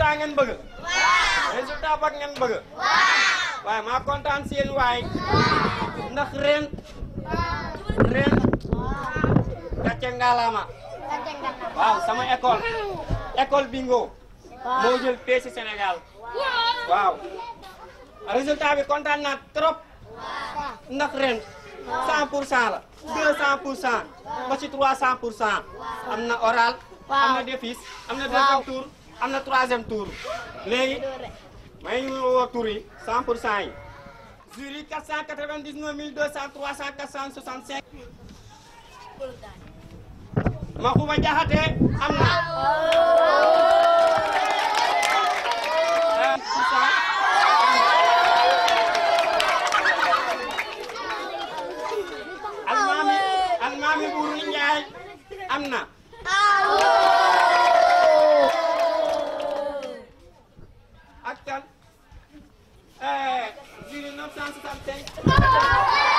résultat ngeen bëgg. ngeen bëgg. waaye maa kontaan si yéen waay. ndax ren. ren. gàcce ngalaama. waaw sama école. école bingo. moo jël fee si waaw. résultat bi kontaan na trop. ndax ren. 100 pour cent la. 200 pour cent. ba ci 300 pour cent. am na oral. am na défis am na deuxième am na troisième tour léegi may ñu woo tour yi 100 pour cent yi. jury 499 200 300 465. Maxuba Jaxate am na. almaami almaami Buuru Njaay am na. 0,965.